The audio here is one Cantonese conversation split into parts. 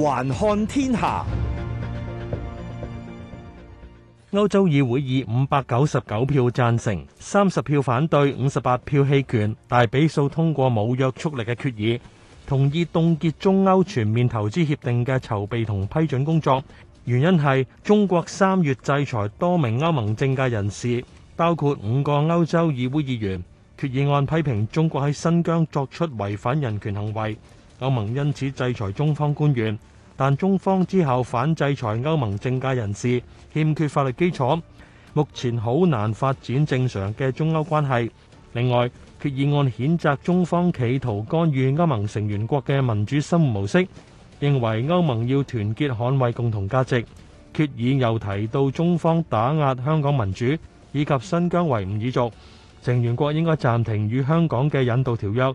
.環看天下，歐洲議會以五百九十九票贊成、三十票反對、五十八票棄權，大比數通過冇約束力嘅決議，同意凍結中歐全面投資協定嘅籌備同批准工作。原因係中國三月制裁多名歐盟政界人士，包括五個歐洲議會議員。決議案批評中國喺新疆作出違反人權行為，歐盟因此制裁中方官員。但中方之後反制裁歐盟政界人士，欠缺法律基礎，目前好難發展正常嘅中歐關係。另外決議案譴責中方企圖干預歐盟成員國嘅民主生活模式，認為歐盟要團結捍衞共同價值。決議又提到中方打壓香港民主以及新疆維吾爾族，成員國應該暫停與香港嘅引渡條約。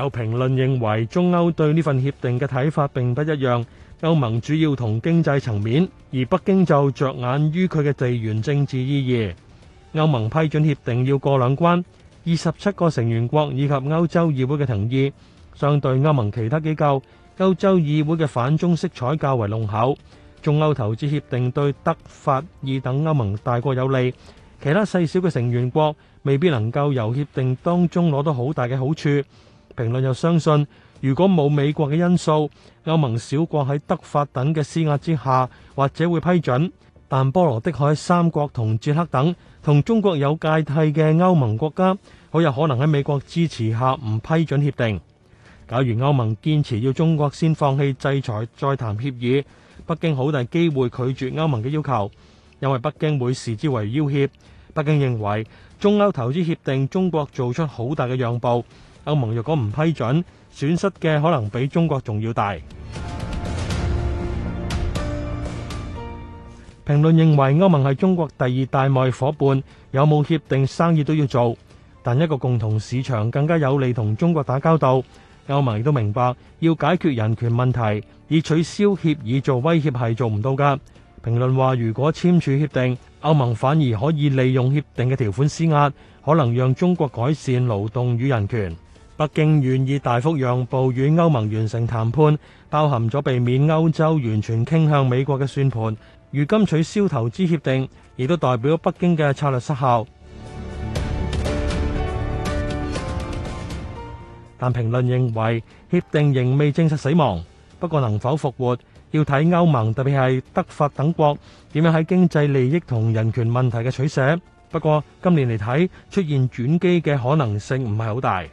有評論認為，中歐對呢份協定嘅睇法並不一樣。歐盟主要同經濟層面，而北京就着眼於佢嘅地緣政治意義。歐盟批准協定要過兩關，二十七個成員國以及歐洲議會嘅同意。相對歐盟其他機構，歐洲議會嘅反中色彩較為濃厚。中歐投資協定對德、法、意等歐盟大國有利，其他細小嘅成員國未必能夠由協定當中攞到好大嘅好處。評論又相信，如果冇美國嘅因素，歐盟小國喺德法等嘅施壓之下，或者會批准。但波羅的海三國同捷克等同中國有芥蒂嘅歐盟國家，好有可能喺美國支持下唔批准協定。假如歐盟堅持要中國先放棄制裁再談協議，北京好大機會拒絕歐盟嘅要求，因為北京會視之為要脅。北京認為，中歐投資協定，中國做出好大嘅讓步，歐盟若果唔批准，損失嘅可能比中國仲要大。評論認為，歐盟係中國第二大貿易夥伴，有冇協定生意都要做，但一個共同市場更加有利同中國打交道。歐盟亦都明白，要解決人權問題，以取消協議做威脅係做唔到噶。評論話，如果簽署協定，歐盟反而可以利用協定嘅條款施壓，可能讓中國改善勞動與人權。北京願意大幅讓步，與歐盟完成談判，包含咗避免歐洲完全傾向美國嘅算盤。如今取消投資協定，亦都代表北京嘅策略失效。但評論認為，協定仍未證實死亡。不過能否復活，要睇歐盟特別係德法等國點樣喺經濟利益同人權問題嘅取捨。不過今年嚟睇，出現轉機嘅可能性唔係好大。